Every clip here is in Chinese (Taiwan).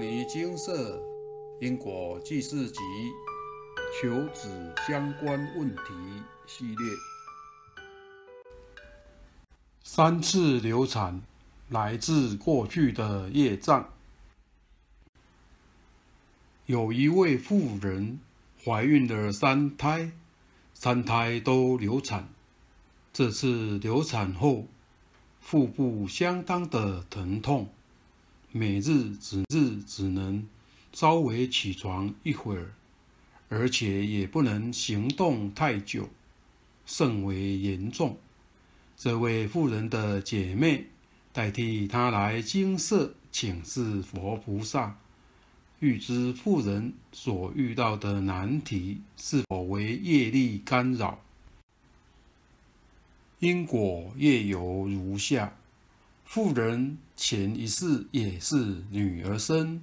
《牟尼精舍因果濟世集》求子相關問題系列：三次流產，來自過去的業障。有一位婦人懷孕了三胎，三胎都流產。這次流產後，腹部相當的疼痛。每日只日只能稍微起床一會兒，而且也不能行動太久，甚為嚴重。這位婦人的姐妹代替她來精舍請示佛菩薩，欲知婦人所遇到的難題是否為業力干擾，因果業由如下。婦人前一世也是女兒身，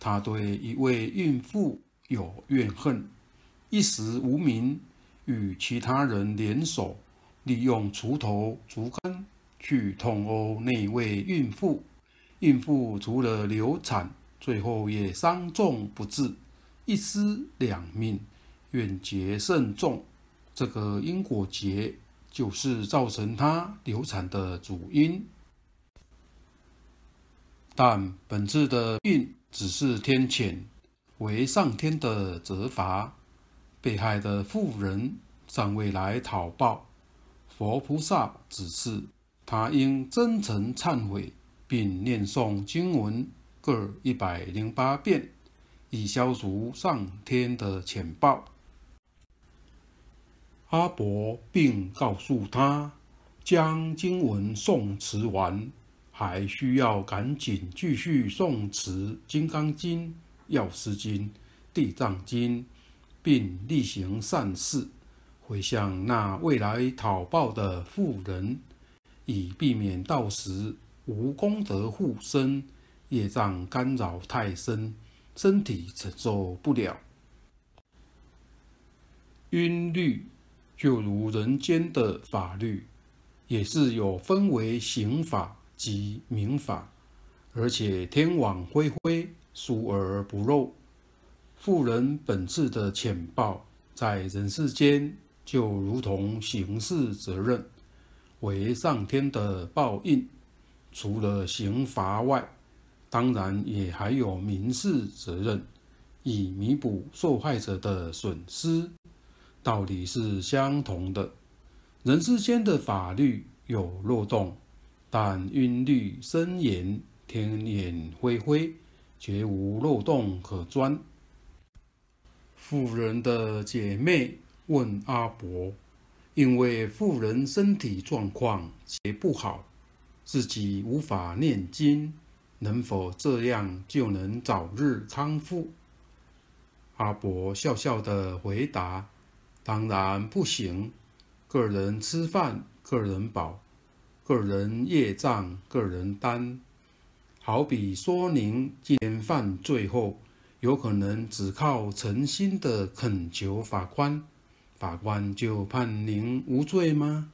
她對一位孕婦有怨恨，一時無名，與其他人聯手，利用鋤頭、竹竿去痛毆那位孕婦。孕婦除了流產，最後也傷重不治，一屍兩命，怨結甚重。這個因果結就是造成她流產的主因。但本次的病只是天譴，為上天的責罰。被害的婦人尚未來討報，佛菩薩指示他應真誠懺悔，並念誦經文各一百零八遍，以消除上天的譴報。阿伯並告訴他，將經文誦持完。還需要趕緊繼續誦持《金剛經》《藥師經》《地藏經》，並力行善事，迴向那未來討報的富人，以避免到時無功德護身，業障干擾太深，身體承受不了。因律就如人間的法律，也是有分為刑法，及民法，而且天網恢恢，疏而不漏。富人本質的淺薄，在人世間就如同刑事責任，為上天的報應。除了刑罰外，當然也還有民事責任，以彌補受害者的損失。道理是相同的。人世間的法律有漏洞。但韻律森嚴，天眼恢恢，絕無漏洞可鑽。婦人的姐妹問阿伯：“因為婦人身體狀況極不好，自己無法念經，能否這樣就能早日康復？”阿伯笑笑的回答：“當然不行，個人吃飯，個人飽。”個人業障，個人擔。好比說，您今天犯罪後，有可能只靠誠心的懇求法官，法官就判您無罪嗎？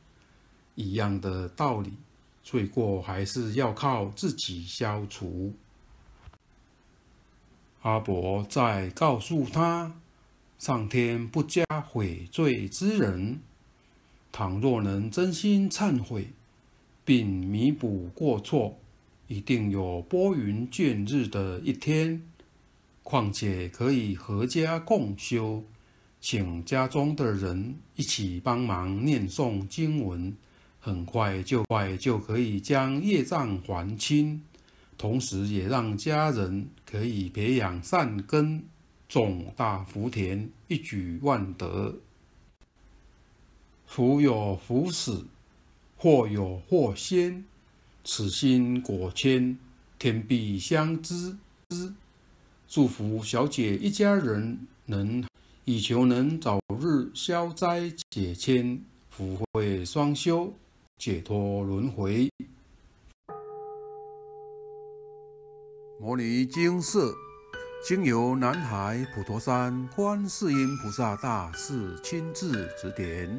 一樣的道理，罪過還是要靠自己消除。阿伯在告訴他，上天不加悔罪之人。倘若能真心懺悔。並彌補過錯，一定有撥雲見日的一天。況且可以合家共修，請家中的人一起幫忙念誦經文，很快就快就可以將業障還清，同時也讓家人可以培養善根，種大福田，一舉萬得。福有福死。或有或仙，此心果千，天必相知。祝福小姐一家人能以求能早日消災解千，福慧雙修，解脫輪迴。牟尼精舍，經由南海普陀山觀世音菩薩大士親自指點，